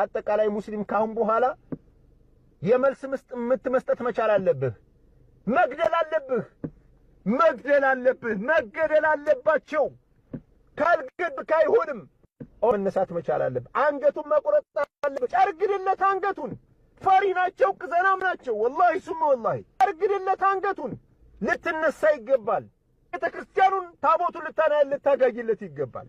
አጠቃላይ ሙስሊም ካሁን በኋላ የመልስ ምት መስጠት መቻል አለብህ። መግደል አለብህ። መግደል አለብህ። መገደል አለባቸው። ካልገድክ አይሆንም። መነሳት መቻል አለብህ። አንገቱን መቁረጥ አለብህ። ጨርግድለት አንገቱን። ፈሪ ናቸው፣ ቅዘናም ናቸው። ወላሂ ሱመ ወላሂ ጨርግድለት አንገቱን። ልትነሳ ይገባል። ቤተ ክርስቲያኑን ታቦቱን ልታናያል፣ ልታጋይለት ይገባል።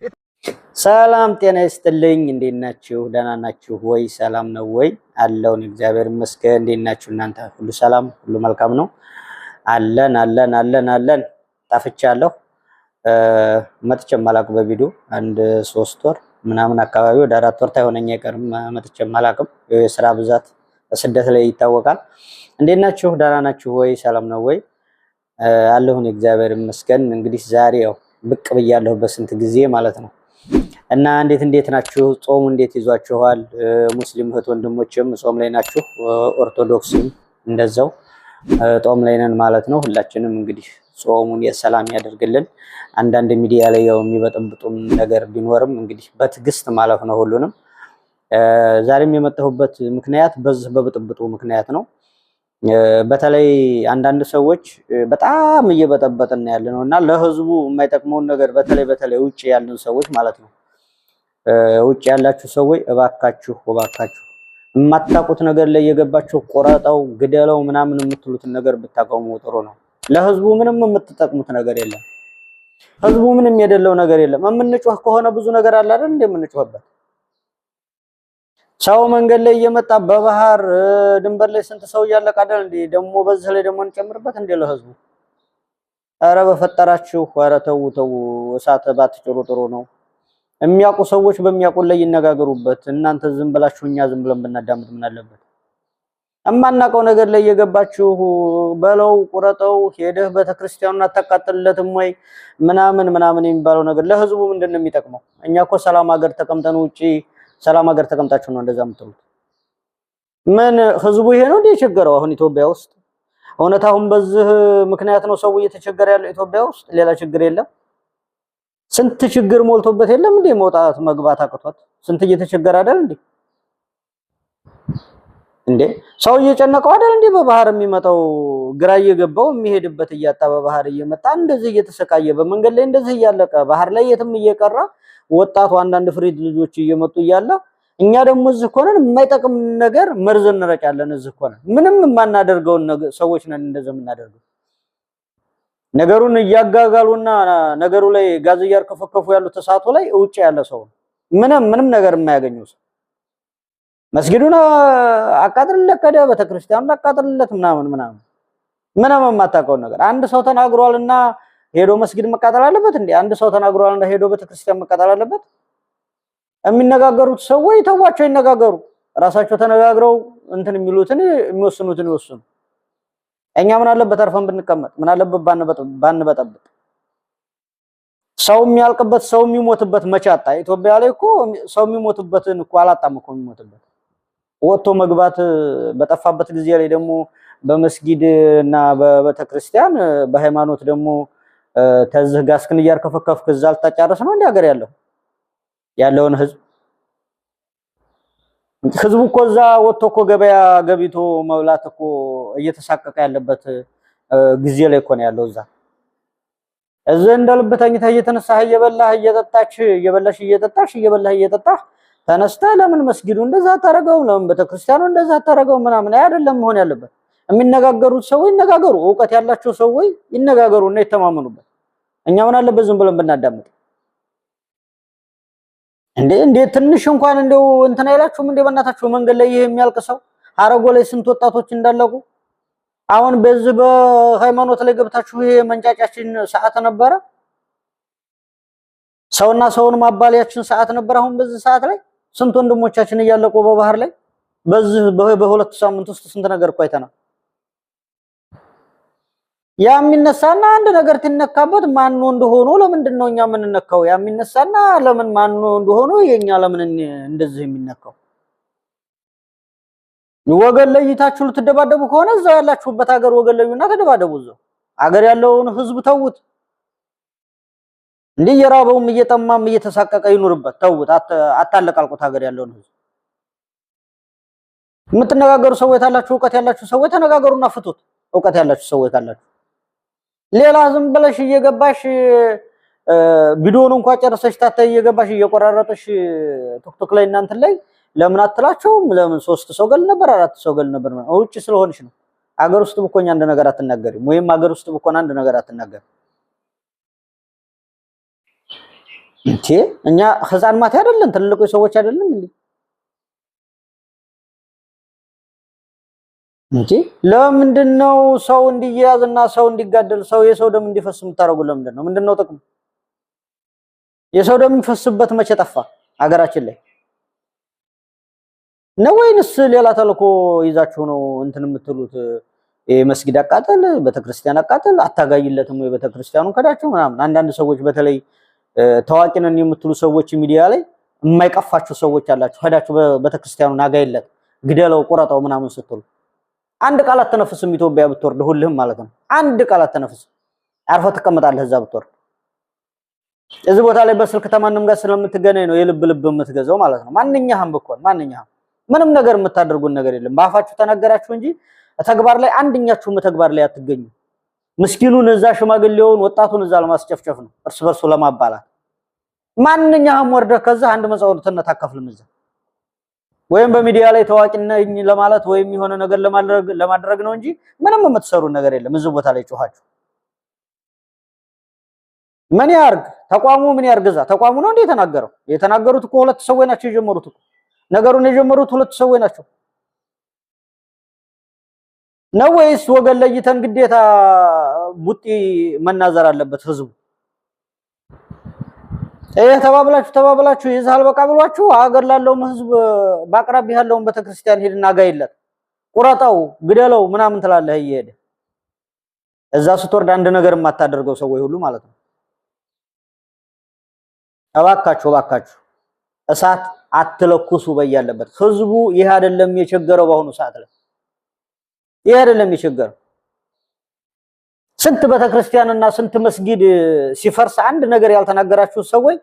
ሰላም ጤና ይስጥልኝ። እንዴት ናችሁ? ደህና ናችሁ ወይ? ሰላም ነው ወይ? አለውን እግዚአብሔር ይመስገን። እንዴት ናችሁ እናንተ? ሁሉ ሰላም፣ ሁሉ መልካም ነው? አለን አለን አለን አለን። ጠፍቻለሁ፣ መጥቼም አላቅም። በቪዲዮ አንድ ሶስት ወር ምናምን አካባቢ ወደ አራት ወር ታይሆነኝ አይቀርም መጥቼም አላቅም። የስራ ብዛት ስደት ላይ ይታወቃል። እንዴት ናችሁ? ደህና ናችሁ ወይ? ሰላም ነው ወይ? አለሁን እግዚአብሔር ይመስገን። እንግዲህ ዛሬ ያው ብቅ ብያለሁ በስንት ጊዜ ማለት ነው እና እንዴት እንዴት ናችሁ? ጾሙ እንዴት ይዟችኋል? ሙስሊም እህት ወንድሞችም ጾም ላይ ናችሁ፣ ኦርቶዶክስም እንደዛው ጾም ላይ ነን ማለት ነው። ሁላችንም እንግዲህ ጾሙን የሰላም ያደርግልን። አንዳንድ ሚዲያ ላይ ያው የሚበጠብጡም ነገር ቢኖርም እንግዲህ በትዕግስት ማለፍ ነው ሁሉንም። ዛሬም የመጣሁበት ምክንያት በዚህ በብጥብጡ ምክንያት ነው። በተለይ አንዳንድ ሰዎች በጣም እየበጠበጥን ያለ ነው እና ለህዝቡ የማይጠቅመውን ነገር በተለይ በተለይ ውጭ ያሉን ሰዎች ማለት ነው ውጭ ያላችሁ ሰዎች እባካችሁ እባካችሁ የማታውቁት ነገር ላይ የገባችሁ ቆረጠው፣ ግደለው ምናምን የምትሉትን ነገር ብታቆሙ ጥሩ ነው። ለህዝቡ ምንም የምትጠቅሙት ነገር የለም። ህዝቡ ምንም የደለው ነገር የለም። የምንጮህ ከሆነ ብዙ ነገር አለ አይደል እንዴ? ሰው መንገድ ላይ እየመጣ በባህር ድንበር ላይ ስንት ሰው እያለቀ አይደል እንዴ? ደግሞ በዚህ ላይ ደግሞ እንጨምርበት እንዴ ለህዝቡ። ኧረ በፈጠራችሁ ኧረ ተው ተው፣ እሳት ባትጭሩ ጥሩ ነው። የሚያውቁ ሰዎች በሚያውቁ ላይ ይነጋገሩበት። እናንተ ዝም ብላችሁ እኛ ዝም ብለን ብናዳምጥ ምን አለበት? እማናውቀው ነገር ላይ የገባችሁ በለው ቁረጠው፣ ሄደህ ቤተክርስቲያኑን አታቃጥልለትም ወይ ምናምን ምናምን የሚባለው ነገር ለህዝቡ ምንድን ነው የሚጠቅመው? እኛ እኮ ሰላም ሀገር ተቀምጠን ውጪ ሰላም ሀገር ተቀምጣችሁ ነው እንደዛ የምትሉት። ምን ህዝቡ ይሄ ነው እንደ የቸገረው አሁን ኢትዮጵያ ውስጥ እውነት አሁን በዚህ ምክንያት ነው ሰው እየተቸገረ ያለው ኢትዮጵያ ውስጥ ሌላ ችግር የለም። ስንት ችግር ሞልቶበት የለም እንዴ? መውጣት መግባት አቅቷት ስንት እየተቸገረ አይደል እንዴ? እንዴ ሰው እየጨነቀው አይደል እንዴ? በባህር የሚመጣው ግራ እየገባው የሚሄድበት እያጣ በባህር እየመጣ እንደዚህ እየተሰቃየ በመንገድ ላይ እንደዚህ እያለቀ ባህር ላይ የትም እየቀረ ወጣቱ አንዳንድ ፍሪድ ልጆች እየመጡ እያለ እኛ ደግሞ እዚህ ኮነን የማይጠቅም ነገር መርዝ እንረጫለን። እዚህ ኮነን ምንም የማናደርገውን ሰዎች ነን እንደዚህ የምናደርገው። ነገሩን እያጋጋሉና ነገሩ ላይ ጋዝ እያርከፈከፉ ያሉት ተሳቶ ላይ ውጭ ያለ ሰው ምንም ምንም ነገር የማያገኘው ሰው መስጊዱን አቃጥልለት ከደ ቤተክርስቲያኑን አቃጥልለት ምናምን ምናምን ምንም የማታውቀውን ነገር አንድ ሰው ተናግሯልና ሄዶ መስጊድ መቃጠል አለበት እንዴ? አንድ ሰው ተናግሯልና ሄዶ ቤተክርስቲያን መቃጠል አለበት? የሚነጋገሩት ሰዎች ተዋቸው ይነጋገሩ። ራሳቸው ተነጋግረው እንትን የሚሉትን የሚወስኑትን ይወስኑ። እኛ ምን አለበት አርፈን ብንቀመጥ? ምን አለበት ባንበጠብጥ? ሰው የሚያልቅበት ሰው የሚሞትበት መቻጣ ኢትዮጵያ ላይ እኮ ሰው የሚሞትበትን እኮ አላጣም እኮ የሚሞትበት ወጥቶ መግባት በጠፋበት ጊዜ ላይ ደግሞ በመስጊድ እና በቤተክርስቲያን በሃይማኖት ደግሞ ተዝህ ጋስክን እያርከፈከፍክ እዛ ልታጫረስ ነው እንደ ሀገር ያለው ያለውን ህዝብ ህዝቡ እኮ እዛ ወጥቶ እኮ ገበያ ገቢቶ መብላት እኮ እየተሳቀቀ ያለበት ጊዜ ላይ እኮ ነው ያለው። እዛ እዚህ እንደ ልብ ተኝተህ እየተነሳህ እየበላህ እየጠጣች እየበላሽ እየጠጣሽ እየበላህ እየጠጣህ ተነስተህ ለምን መስጊዱ እንደዛ አታረገው? ለምን ቤተክርስቲያኑ እንደዛ አታረገው? ምናምን አይደለም መሆን ያለበት። የሚነጋገሩት ሰው ይነጋገሩ፣ እውቀት ያላቸው ይነጋገሩ እና ይተማመኑበት። እኛ ምን አለበት ዝም ብለን ብናዳምጥ እንዴ እንዴ ትንሽ እንኳን እንደው እንትን አይላችሁም እንዴ? በእናታችሁ መንገድ ላይ ይሄ የሚያልቅ ሰው አረጎ ላይ ስንት ወጣቶች እንዳለቁ። አሁን በዚህ በሃይማኖት ላይ ገብታችሁ ይሄ መንጫጫችን ሰዓት ነበረ፣ ሰውና ሰውን ማባለያችን ሰዓት ነበር አሁን በዚህ ሰዓት ላይ ስንት ወንድሞቻችን እያለቁ በባህር ላይ በዚህ በሁለት ሳምንት ውስጥ ስንት ነገር እኮ አይተናል። ያ የሚነሳና አንድ ነገር ትነካበት ማኖ እንደሆኑ ለምንድን ነው እኛ የምንነካው? ያ የሚነሳና ለምን ማኖ እንደሆኑ የኛ ለምን እንደዚህ የሚነካው? ወገን ለይታችሁ ልትደባደቡ ከሆነ እዛው ያላችሁበት ሀገር ወገን ለዩና ተደባደቡ። እዛው ሀገር ያለውን ህዝብ ተውት። እንዲህ እየራበውም እየጠማም እየተሳቀቀ ይኑርበት። ተውት፣ አታለቃልቁት ሀገር ያለውን ህዝብ። የምትነጋገሩ ሰዎች ካላችሁ እውቀት ያላችሁ ሰዎች ተነጋገሩና ፍቱት። እውቀት ያላችሁ ሰዎች ካላችሁ ሌላ ዝም ብለሽ እየገባሽ ቪዲዮውን እንኳ ጨርሰሽ ታተ እየገባሽ እየቆራረጠሽ ቲክቶክ ላይ እናንተ ላይ ለምን አትላቸውም? ለምን ሶስት ሰው ገል ነበር አራት ሰው ገል ነበር። ውጭ ስለሆንሽ ነው። አገር ውስጥ ብኮኝ አንድ ነገር አትናገሪም፣ ወይም አገር ውስጥ ብኮን አንድ ነገር አትናገሪም። እንዴ እኛ ህፃን ማታ አይደለን ትልልቆች ሰዎች አይደለም እንዴ? እንጂ ለምንድን ነው ሰው እንዲያያዝና ሰው እንዲጋደል ሰው የሰው ደም እንዲፈስ የምታደርጉ? ለምንድን ነው ምንድን ነው ጥቅሙ? የሰው ደም የሚፈስበት መቼ ጠፋ? አገራችን ላይ ነው ወይንስ ሌላ ተልኮ ይዛችሁ ነው እንትን የምትሉት? የመስጊድ አቃጠል፣ ቤተክርስቲያን አቃጠል፣ አታጋይለትም ወይ ቤተክርስቲያኑን ከዳችሁ ምናምን። አንዳንድ ሰዎች በተለይ ታዋቂ ነን የምትሉ ሰዎች ሚዲያ ላይ የማይቀፋችሁ ሰዎች አላችሁ። ከዳችሁ ቤተክርስቲያኑን አጋይለት፣ ግደለው፣ ቁረጠው ምናምን ስትሉ አንድ ቃል አትነፍስም። ኢትዮጵያ ብትወርድ ሁልህም ማለት ነው። አንድ ቃል አትነፍስም። አርፎ ትቀመጣለህ እዛ ብትወርድ። እዚህ ቦታ ላይ በስልክ ተማንም ጋር ስለምትገናኝ ነው የልብ ልብ የምትገዛው ማለት ነው። ማንኛህም ብኮን ማንኛህም ምንም ነገር የምታደርጉን ነገር የለም። በአፋችሁ ተናገራችሁ እንጂ ተግባር ላይ አንድኛችሁም ተግባር ላይ አትገኙ። ምስኪኑን እዛ ሽማግሌውን፣ ወጣቱን እዛ ለማስጨፍጨፍ ነው፣ እርስ በርሱ ለማባላት። ማንኛህም ወርደህ ከዛ አንድ መጻወርትነት ተነታከፍልም እዛ ወይም በሚዲያ ላይ ታዋቂ ነኝ ለማለት ወይም የሆነ ነገር ለማድረግ ነው እንጂ ምንም የምትሰሩ ነገር የለም። እዚህ ቦታ ላይ ጮኋችሁ ምን ያርግ ተቋሙ? ምን ያርግ እዛ ተቋሙ ነው እንዴ የተናገረው? የተናገሩት እኮ ሁለት ሰዎች ናቸው የጀመሩት እኮ ነገሩን የጀመሩት ሁለት ሰዎች ናቸው። ነው ወይስ ወገን ለይተን ግዴታ ቡጢ መናዘር አለበት ህዝቡ? ይህ ተባብላችሁ ተባብላችሁ ይዛል በቃ ብሏችሁ አገር ላለውም ህዝብ በአቅራቢ ያለውን ቤተክርስቲያን ሄድና ጋይለት ቁረጠው፣ ግደለው ምናምን ትላለህ እየሄደ እዛ ስትወርድ አንድ ነገር የማታደርገው ሰዎች ሁሉ ማለት ነው። እባካችሁ እባካችሁ እሳት አትለኩሱ በያለበት ህዝቡ። ይህ አይደለም የቸገረው በአሁኑ ሰዓት ላይ ይህ አይደለም የቸገረው ስንት ቤተክርስቲያንና ስንት መስጊድ ሲፈርስ አንድ ነገር ያልተናገራችሁ ሰዎች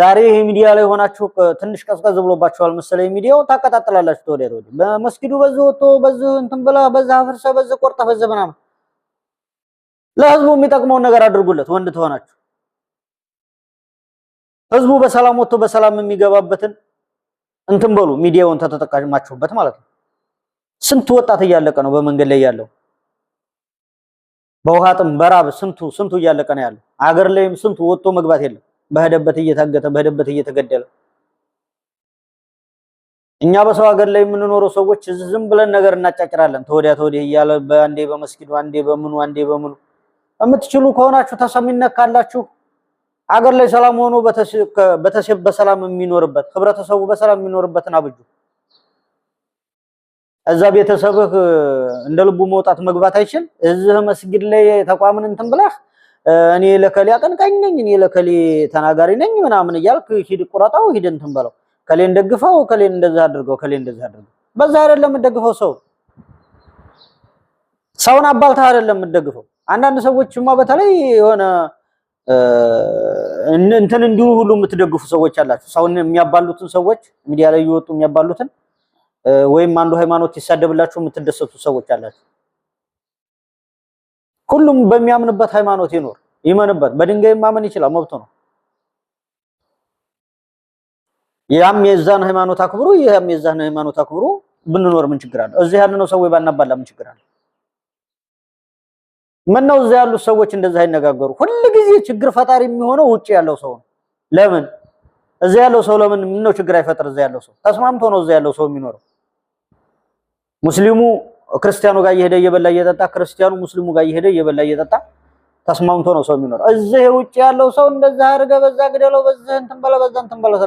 ዛሬ ይሄ ሚዲያ ላይ ሆናችሁ ትንሽ ቀዝቀዝ ብሎባችኋል መሰለኝ። ሚዲያው ታቀጣጥላላችሁ። ተወዲያ ተወዲህ በመስጊዱ በዚህ ወጥቶ በዚህ እንትን ብላ በዚህ አፍርሰህ በዚህ ቆርጠ በዚህ ምናምን። ለህዝቡ የሚጠቅመውን ነገር አድርጉለት። ወንድ ትሆናችሁ ህዝቡ በሰላም ወጥቶ በሰላም የሚገባበትን እንትን በሉ። ሚዲያውን ተጠቃማችሁበት ማለት ነው። ስንት ወጣት እያለቀ ነው በመንገድ ላይ ያለው በውሃ ጥም በራብ ስንቱ ስንቱ እያለቀ ነው ያለው። አገር ላይም ስንቱ ወጥቶ መግባት የለም። በሄደበት እየታገተ በሄደበት እየተገደለ እኛ በሰው ሀገር ላይ የምንኖረው ሰዎች ዝም ብለን ነገር እናጫጭራለን። ተወዲያ ተወዲህ እያለ በአንዴ በመስጊዱ አንዴ በምኑ አንዴ በምኑ የምትችሉ ከሆናችሁ ተሰሚነት ካላችሁ አገር ላይ ሰላም ሆኖ በሰላም የሚኖርበት ህብረተሰቡ በሰላም የሚኖርበትን አብጁ። እዛ ቤተሰብህ እንደ ልቡ መውጣት መግባት አይችል። እዚህ መስጊድ ላይ ተቋምን እንትን ብለህ እኔ ለከሌ አቀንቃኝ ነኝ፣ እኔ ለከሌ ተናጋሪ ነኝ ምናምን እያልክ ሂድ ቁረጣው፣ ሂድ እንትን በለው፣ ከሌን ደግፈው፣ ከሌን እንደዛ አድርገው፣ ከሌ እንደዛ አድርገው። በዛ አይደለም የምትደግፈው ሰው ሰውን አባልታ አይደለም የምደግፈው አንዳንድ ሰዎችማ በተለይ የሆነ እንትን እንዲሁ ሁሉ የምትደግፉ ሰዎች አላችሁ። ሰውን የሚያባሉትን ሰዎች ሚዲያ ላይ እየወጡ የሚያባሉትን ወይም አንዱ ሃይማኖት ይሳደብላችሁ የምትደሰቱ ሰዎች አላችሁ። ሁሉም በሚያምንበት ሃይማኖት ይኖር ይመንበት። በድንጋይ ማመን ይችላል፣ መብቱ ነው። ያም የዛን ሃይማኖት አክብሩ፣ ያም የዛን ሃይማኖት አክብሩ። ብንኖር ምን ችግር አለ? እዚህ ያለነው ሰው ወይ ባናባላ ምን ችግር አለ? ምን ነው እዚህ ያሉት ሰዎች እንደዛ አይነጋገሩ። ሁሉ ጊዜ ችግር ፈጣሪ የሚሆነው ውጭ ያለው ሰው ነው። ለምን እዚህ ያለው ሰው ለምን ምነው ችግር አይፈጥር? እዚህ ያለው ሰው ተስማምቶ ነው እዚህ ያለው ሰው የሚኖረው። ሙስሊሙ ክርስቲያኑ ጋር እየሄደ እየበላ እየጠጣ ክርስቲያኑ ሙስሊሙ ጋር እየሄደ እየበላ እየጠጣ ተስማምቶ ነው ሰው የሚኖር። እዚህ ውጭ ያለው ሰው እንደዛ አድርገህ በዛ ግደለው፣ በዚህ እንትን በለው፣ በዛ እንትን በለው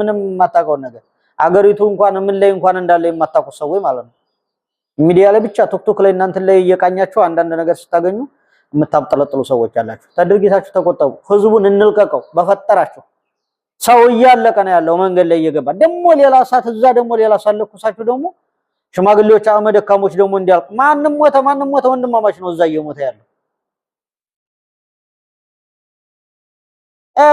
ምንም የማታውቀውን ነገር አገሪቱ እንኳን ምን ላይ እንኳን እንዳለ ሰው ወይ ማለት ነው። ሚዲያ ላይ ብቻ ቶክቶክ ላይ እናንተ ላይ እየቃኛችሁ አንዳንድ ነገር ስታገኙ የምታብጠለጥሉ ሰዎች አላችሁ። ተድርጊታችሁ ተቆጠቡ። ህዝቡን እንልቀቀው በፈጠራችሁ። ሰው እያለቀ ነው ያለው መንገድ ላይ እየገባ ደግሞ ሌላ እሳት እዛ ደግሞ ሌላ እሳት ለኩሳችሁ ደግሞ ሽማግሌዎች አቅመ ደካሞች ደግሞ እንዲያልቁ ማንም ሞተ ማንም ሞተ ወንድማማች ነው እዛ እየሞተ ያለው።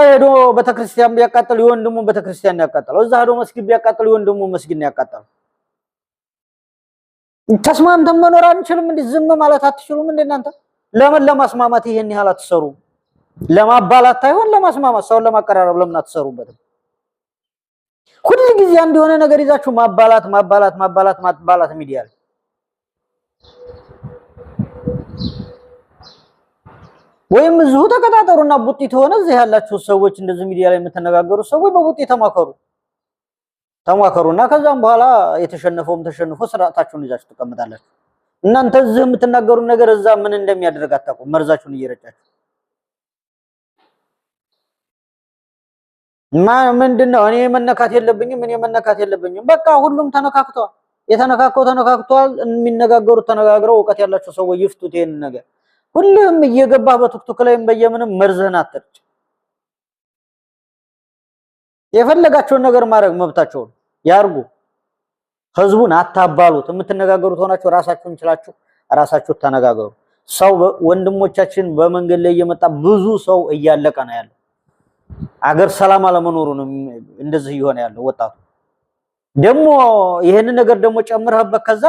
ሄዶ ቤተክርስቲያን ቢያቃጥል የወንድሙ ቤተክርስቲያን ያቃጠለው፣ እዛ ሄዶ መስጊድ ቢያቃጥል የወንድሙ መስጊድ ያቃጠለው። ተስማምተን መኖር አንችልም? እንዴ ዝም ማለት አትችሉም? እንዴ እናንተ ለምን ለማስማማት ይሄን ያህል አትሰሩም? ለማባላት አይሆን ለማስማማት ሰውን ለማቀራረብ ለምን አትሰሩበትም? ሁል ጊዜ አንድ የሆነ ነገር ይዛችሁ ማባላት ማባላት ማባላት ማባላት ሚዲያ ላይ ወይም እዚሁ ተቀጣጠሩና ቡጢ ተሆነ እዚህ ያላችሁ ሰዎች እንደዚህ ሚዲያ ላይ የምትነጋገሩ ሰዎች በቡጢ ተማከሩ ተማከሩና ከዛም በኋላ የተሸነፈውም ተሸንፎ ስርዓታችሁን ይዛችሁ ትቀምጣላችሁ። እናንተ እዚህ የምትናገሩት ነገር እዛ ምን እንደሚያደርግ አታውቁም። መርዛችሁን እየረጫችሁ ምንድን ነው እኔ መነካት የለብኝም እኔ መነካት የለብኝም። በቃ ሁሉም ተነካክቷል። የተነካከው ተነካክቷል። የሚነጋገሩት ተነጋግረው እውቀት ያላቸው ሰዎች ይፍቱት ይሄን ነገር። ሁሉም እየገባህ በቱክቱክ ላይም በየምንም መርዝህን አትርጭ። የፈለጋቸውን ነገር ማድረግ መብታቸውን ያርጉ። ህዝቡን አታባሉት። የምትነጋገሩት ሆናችሁ ራሳችሁን እንችላችሁ ራሳችሁ ተነጋገሩ። ሰው ወንድሞቻችን በመንገድ ላይ እየመጣ ብዙ ሰው እያለቀ ነው ያለው። አገር ሰላም አለመኖሩ ነው እንደዚህ እየሆነ ያለው ወጣቱ። ደግሞ ይህንን ነገር ደግሞ ጨምረህበት ከዛ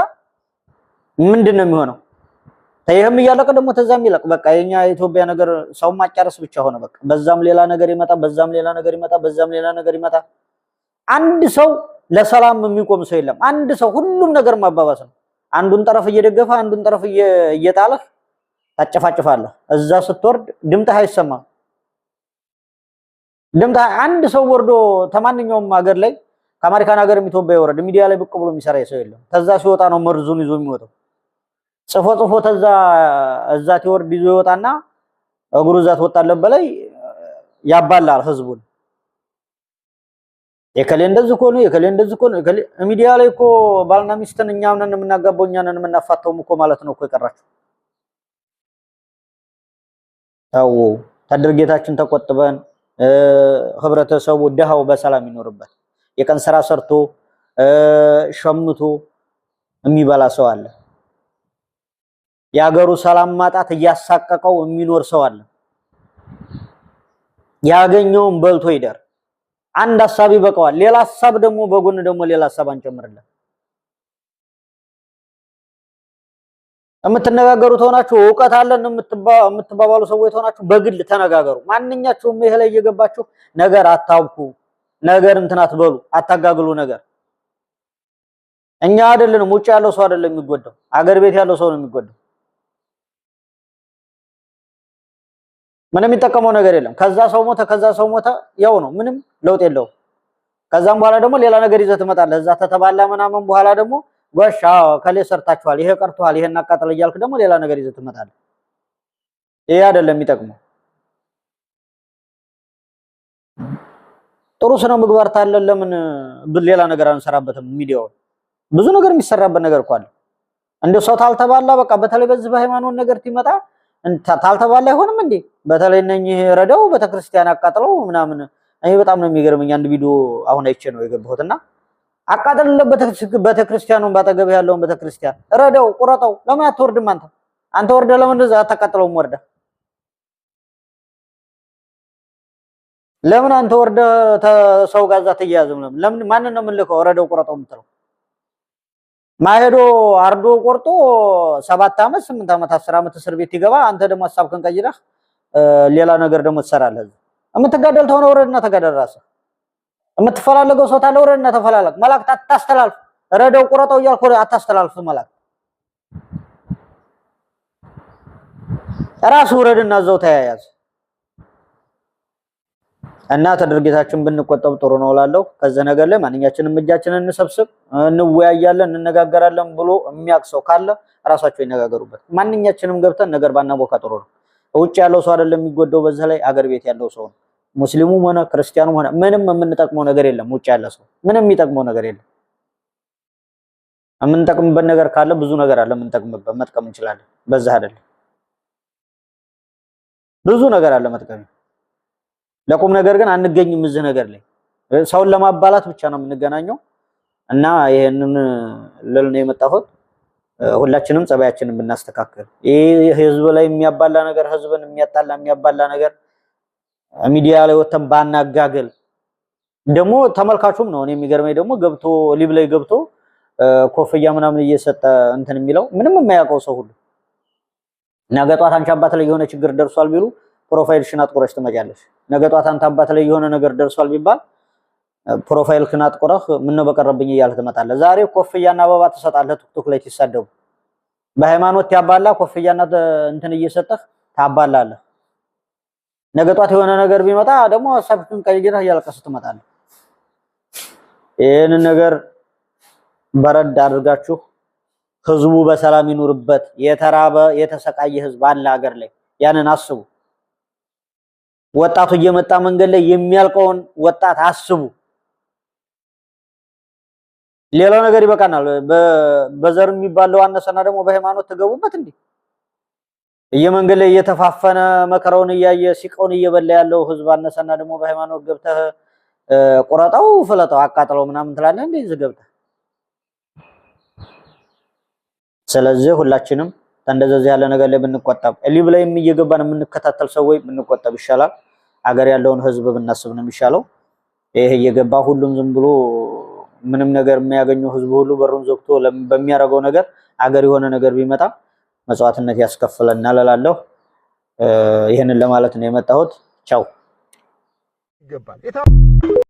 ምንድን ነው የሚሆነው? ይህም እያለቀ ደግሞ ተዛም ይለቅ። በቃ የኛ የኢትዮጵያ ነገር ሰው ማጫረስ ብቻ ሆነ። በቃ በዛም ሌላ ነገር ይመጣ፣ በዛም ሌላ ነገር ይመጣ፣ በዛም ሌላ ነገር ይመጣ። አንድ ሰው ለሰላም የሚቆም ሰው የለም። አንድ ሰው ሁሉም ነገር ማባባስ ነው። አንዱን ጠረፍ እየደገፈ አንዱን ጠረፍ እየጣለህ ታጨፋጭፋለህ። እዛ ስትወርድ ድምፅህ አይሰማም። እንደምታ አንድ ሰው ወርዶ ተማንኛውም ሀገር ላይ ከአሜሪካን ሀገር የሚቶባ ይወረድ ሚዲያ ላይ ብቅ ብሎ የሚሰራ የሰው የለም። ተዛ ሲወጣ ነው መርዙን ይዞ የሚወጣው። ጽፎ ጽፎ ተዛ እዛ ሲወርድ ይዞ ይወጣና እግሩ እዛ ትወጣለህ በላይ ያባላል ህዝቡን። የከሌ እንደዚህ እኮ ነው፣ የከሌ እንደዚህ እኮ ነው። ሚዲያ ላይ እኮ ባልና ሚስትን እኛ ነን የምናጋባው እኛ ነን የምናፋተውም እኮ ማለት ነው እኮ የቀራችሁ። ተው ታድር ተቆጥበን ህብረተሰቡ ደሃው በሰላም ይኖርበት። የቀን ስራ ሰርቶ ሸምቶ የሚበላ ሰው አለ። የሀገሩ ሰላም ማጣት እያሳቀቀው የሚኖር ሰው አለ። ያገኘውን በልቶ ይደር። አንድ ሀሳብ ይበቀዋል። ሌላ ሀሳብ ደግሞ በጎን ደግሞ ሌላ ሀሳብ አንጨምርለን። የምትነጋገሩት ሆናችሁ እውቀት አለን የምትባባሉ ሰዎች ተሆናችሁ በግል ተነጋገሩ። ማንኛችሁም ይሄ ላይ እየገባችሁ ነገር አታውኩ ነገር እንትን አትበሉ፣ አታጋግሉ። ነገር እኛ አይደለንም ውጭ ያለው ሰው አይደለም የሚጎዳው፣ አገር ቤት ያለው ሰው ነው የሚጎዳው። ምንም የሚጠቀመው ነገር የለም። ከዛ ሰው ሞተ፣ ከዛ ሰው ሞተ፣ ያው ነው፣ ምንም ለውጥ የለውም። ከዛም በኋላ ደግሞ ሌላ ነገር ይዘህ ትመጣለህ። እዛ ተተባላ ምናምን በኋላ ደግሞ ጓሻ ከሌ ሰርታችኋል፣ ይሄ ቀርቷል፣ ይሄ እናቃጠለ እያልክ ደግሞ ሌላ ነገር ይዘህ ትመጣለህ። ይሄ አይደለም የሚጠቅመው። ጥሩ ስነ ምግባር ታለን ለምን ሌላ ነገር አንሰራበትም? ሚዲያውን ብዙ ነገር የሚሰራበት ነገር እኮ አለ። እንደ ሰው ታልተባላ በቃ በተለይ በዚህ በሃይማኖት ነገር ትመጣ ታልተባላ አይሆንም እንዴ? በተለይ እነኚህ ረዳው ቤተክርስቲያን አቃጥለው ምናምን እኔ በጣም ነው የሚገርመኝ። አንድ ቪዲዮ አሁን አይቼ ነው የገባሁትና አቃጠልለት ቤተክርስቲያኑን፣ ባጠገብ ያለውን ቤተክርስቲያን ረደው፣ ቁረጠው። ለምን አትወርድም አንተ? አንተ ወርደ ለምን እንደዛ አታቃጥለውም? ወርደ ለምን አንተ ወርደ ተሰው ጋር እዛ ትያያዝም? ለምን ማንን ነው የምንልከው? ረደው፣ ቁረጠው የምትለው ማሄዶ አርዶ ቆርጦ ሰባት አመት ስምንት ዓመት አስር ዓመት እስር ቤት ይገባ። አንተ ደግሞ ሀሳብህን ቀይረህ ሌላ ነገር ደግሞ ትሰራለህ። የምትጋደል ተሆነ ወረድና ተጋደል ራስህ የምትፈላለገው ሰው ታለ ወረድና ተፈላለግ። መላእክት አታስተላልፍ፣ ረደው ቁረጠው እያልኩ አታስተላልፍ። መላእክት ራሱ ውረድና እዛው ተያያዝ እና ተድርጊታችን ብንቆጠብ ጥሩ ነው እላለሁ። ከዚህ ነገር ላይ ማንኛችንም እጃችንን እንሰብስብ፣ እንወያያለን፣ እንነጋገራለን ብሎ የሚያውቅ ሰው ካለ ራሳቸው ይነጋገሩበት። ማንኛችንም ገብተን ነገር ባናቦካ ጥሩ ነው። ውጭ ያለው ሰው አይደለም የሚጎዳው፣ በዛ ላይ አገር ቤት ያለው ሰው ነው። ሙስሊሙም ሆነ ክርስቲያኑም ሆነ ምንም የምንጠቅመው ነገር የለም። ውጭ ያለ ሰው ምንም የሚጠቅመው ነገር የለም። የምንጠቅምበት ነገር ካለ ብዙ ነገር አለ የምንጠቅምበት፣ መጥቀም እንችላለን። በዛ አይደለም ብዙ ነገር አለ መጥቀም። ለቁም ነገር ግን አንገኝም። እዚህ ነገር ላይ ሰውን ለማባላት ብቻ ነው የምንገናኘው እና ይሄንን ልል ነው የመጣሁት። ሁላችንም ጸባያችንን ብናስተካከል ይህ ህዝብ ላይ የሚያባላ ነገር ህዝብን የሚያጣላ የሚያባላ ነገር ሚዲያ ላይ ወተን ባናጋገል ደግሞ ተመልካቹም ነው። እኔ የሚገርመኝ ደግሞ ገብቶ ሊብ ላይ ገብቶ ኮፍያ ምናምን እየሰጠ እንትን የሚለው ምንም የማያውቀው ሰው ሁሉ ነገ ጧት አንቺ አባት ላይ የሆነ ችግር ደርሷል ቢሉ ፕሮፋይልሽን አጥቁረሽ ትመጫለሽ። ነገ ጧት አንተ አባት ላይ የሆነ ነገር ደርሷል ቢባል ፕሮፋይልሽን አጥቁረህ ነው በቀረብኝ እያልህ ትመጣለህ። ዛሬ ኮፍያና አበባ ትሰጣለህ። ቲክቶክ ላይ ሲሳደቡ በሃይማኖት ያባላ ኮፍያና እንትን እየሰጠህ ታባላለህ። ነገ ጧት የሆነ ነገር ቢመጣ ደግሞ ሀሳብህን ቀይረህ እያለቀሱ ትመጣለህ። ይህንን ነገር በረድ አድርጋችሁ ህዝቡ በሰላም ይኑርበት። የተራበ የተሰቃየ ህዝብ አለ ሀገር ላይ። ያንን አስቡ። ወጣቱ እየመጣ መንገድ ላይ የሚያልቀውን ወጣት አስቡ። ሌላው ነገር ይበቃናል። በዘር የሚባለው አነሰና ደግሞ በሃይማኖት ትገቡበት እንዴ? እየመንገድ ላይ እየተፋፈነ መከራውን እያየ ሲቀውን እየበላ ያለው ህዝብ አነሰና ደግሞ በሃይማኖት ገብተህ ቁረጠው፣ ፍለጠው፣ አቃጥለው ምናምን ትላለህ እንዴ እዚህ ገብተህ። ስለዚህ ሁላችንም ተንደዘዘ ያለ ነገር ላይ ብንቆጠብ፣ ሊብ ላይም እየገባን የምንከታተል ሰዎች ብንቆጠብ ይሻላል። አገር ያለውን ህዝብ ብናስብ ነው የሚሻለው። ይሄ እየገባ ሁሉም ዝም ብሎ ምንም ነገር የሚያገኘው ህዝብ ሁሉ በሩን ዘግቶ በሚያደርገው ነገር አገር የሆነ ነገር ቢመጣ መጽዋትነት ያስከፍለናል እላለሁ። ይህንን ለማለት ነው የመጣሁት። ቻው።